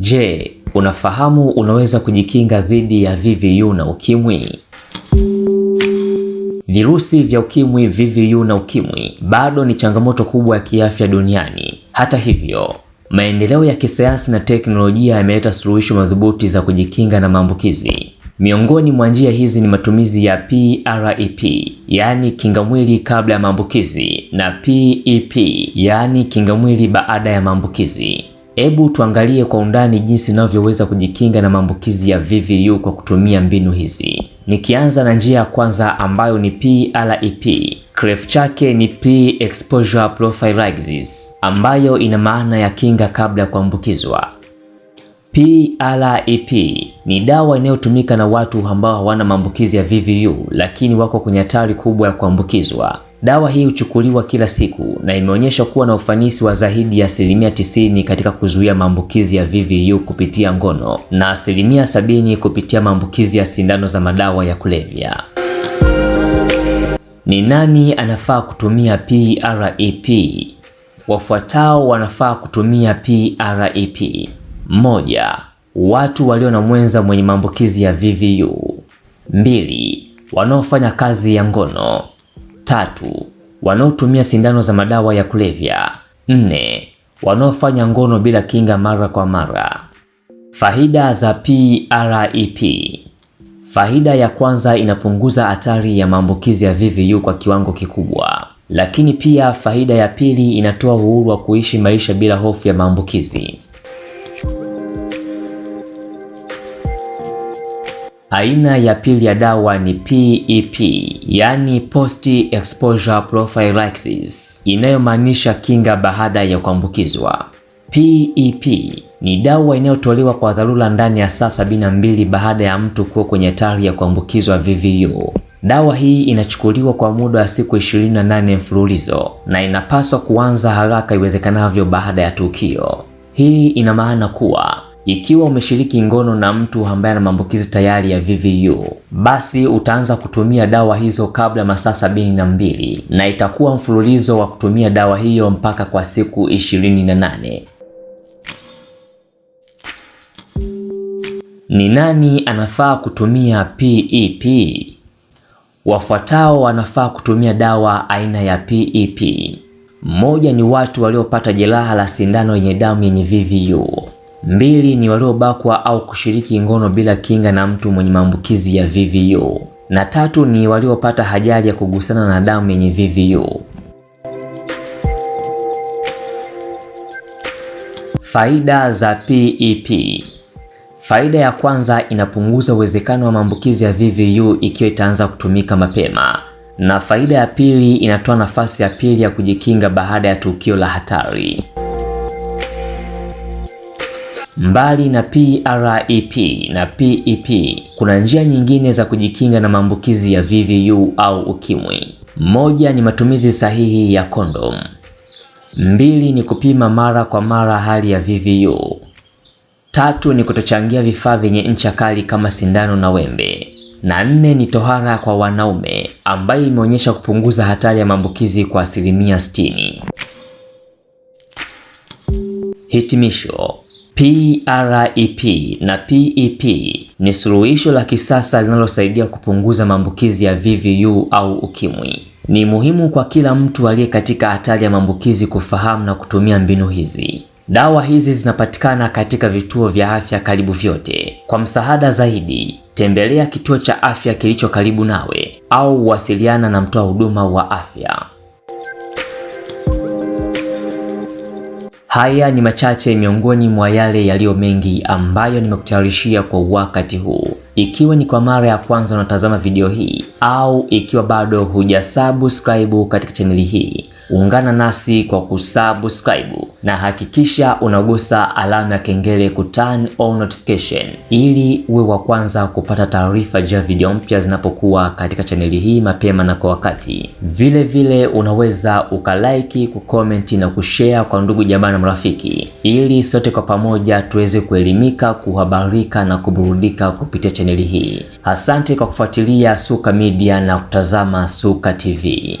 Je, unafahamu unaweza kujikinga dhidi ya VVU na ukimwi? Virusi vya ukimwi, VVU na ukimwi bado ni changamoto kubwa ya kiafya duniani. Hata hivyo, maendeleo ya kisayansi na teknolojia yameleta suluhisho madhubuti za kujikinga na maambukizi. Miongoni mwa njia hizi ni matumizi ya PrEP, e yaani kingamwili kabla ya maambukizi, na PEP, e yaani kingamwili baada ya maambukizi. Hebu tuangalie kwa undani jinsi inavyoweza kujikinga na maambukizi ya VVU kwa kutumia mbinu hizi, nikianza na njia ya kwanza ambayo ni PREP. E Kirefu chake ni pre exposure prophylaxis, ambayo ina maana ya kinga kabla ya kuambukizwa. PREP e ni dawa inayotumika na watu ambao hawana maambukizi ya VVU lakini wako kwenye hatari kubwa ya kuambukizwa. Dawa hii huchukuliwa kila siku na imeonyesha kuwa na ufanisi wa zaidi ya asilimia tisini katika kuzuia maambukizi ya VVU kupitia ngono na asilimia sabini kupitia maambukizi ya sindano za madawa ya kulevya. Ni nani anafaa kutumia PrEP? E Wafuatao wanafaa kutumia PrEP. E Moja, watu walio na mwenza mwenye maambukizi ya VVU. Mbili, wanaofanya kazi ya ngono. Tatu, wanaotumia sindano za madawa ya kulevya. Nne, wanaofanya ngono bila kinga mara kwa mara. Faida za PrEP. Faida ya kwanza, inapunguza hatari ya maambukizi ya VVU kwa kiwango kikubwa. Lakini pia faida ya pili, inatoa uhuru wa kuishi maisha bila hofu ya maambukizi. Aina ya pili ya dawa ni PEP, e yani post exposure prophylaxis, inayomaanisha kinga baada ya kuambukizwa. PEP e ni dawa inayotolewa kwa dharura ndani ya saa 72 baada ya mtu kuwa kwenye hatari ya kuambukizwa VVU. Dawa hii inachukuliwa kwa muda wa siku 28 mfululizo na inapaswa kuanza haraka iwezekanavyo baada ya tukio. Hii ina maana kuwa ikiwa umeshiriki ngono na mtu ambaye ana maambukizi tayari ya VVU, basi utaanza kutumia dawa hizo kabla masaa sabini na mbili na itakuwa mfululizo wa kutumia dawa hiyo mpaka kwa siku ishirini na nane. Ni nani anafaa kutumia PEP? E Wafuatao wanafaa kutumia dawa aina ya PEP. Mmoja e ni watu waliopata jeraha la sindano yenye damu yenye VVU. Mbili ni waliobakwa au kushiriki ngono bila kinga na mtu mwenye maambukizi ya VVU, na tatu ni waliopata ajali ya kugusana na damu yenye VVU. Faida za PEP. E faida ya kwanza, inapunguza uwezekano wa maambukizi ya VVU ikiwa itaanza kutumika mapema, na faida ya pili, inatoa nafasi ya pili ya kujikinga baada ya tukio la hatari. Mbali na PREP e na PEP, e kuna njia nyingine za kujikinga na maambukizi ya VVU au ukimwi. Moja ni matumizi sahihi ya kondom. Mbili ni kupima mara kwa mara hali ya VVU. Tatu ni kutochangia vifaa vyenye ncha kali kama sindano na wembe. Na nne ni tohara kwa wanaume ambayo imeonyesha kupunguza hatari ya maambukizi kwa asilimia 60. Hitimisho. PREP e na PEP e ni suluhisho la kisasa linalosaidia kupunguza maambukizi ya VVU au ukimwi. Ni muhimu kwa kila mtu aliye katika hatari ya maambukizi kufahamu na kutumia mbinu hizi. Dawa hizi zinapatikana katika vituo vya afya karibu vyote. Kwa msaada zaidi, tembelea kituo cha afya kilicho karibu nawe au wasiliana na mtoa huduma wa afya. Haya ni machache miongoni mwa yale yaliyo mengi ambayo nimekutayarishia kwa wakati huu. Ikiwa ni kwa mara ya kwanza unatazama video hii au ikiwa bado hujasubscribe katika chaneli hii ungana nasi kwa kusubscribe na hakikisha unagusa alama ya kengele ku turn on notification ili uwe wa kwanza kupata taarifa juu ya video mpya zinapokuwa katika chaneli hii mapema na kwa wakati. Vile vile unaweza ukalaiki, kukomenti na kushare kwa ndugu jamaa na marafiki, ili sote kwa pamoja tuweze kuelimika, kuhabarika na kuburudika kupitia chaneli hii. Asante kwa kufuatilia Suka Media na kutazama Suka TV.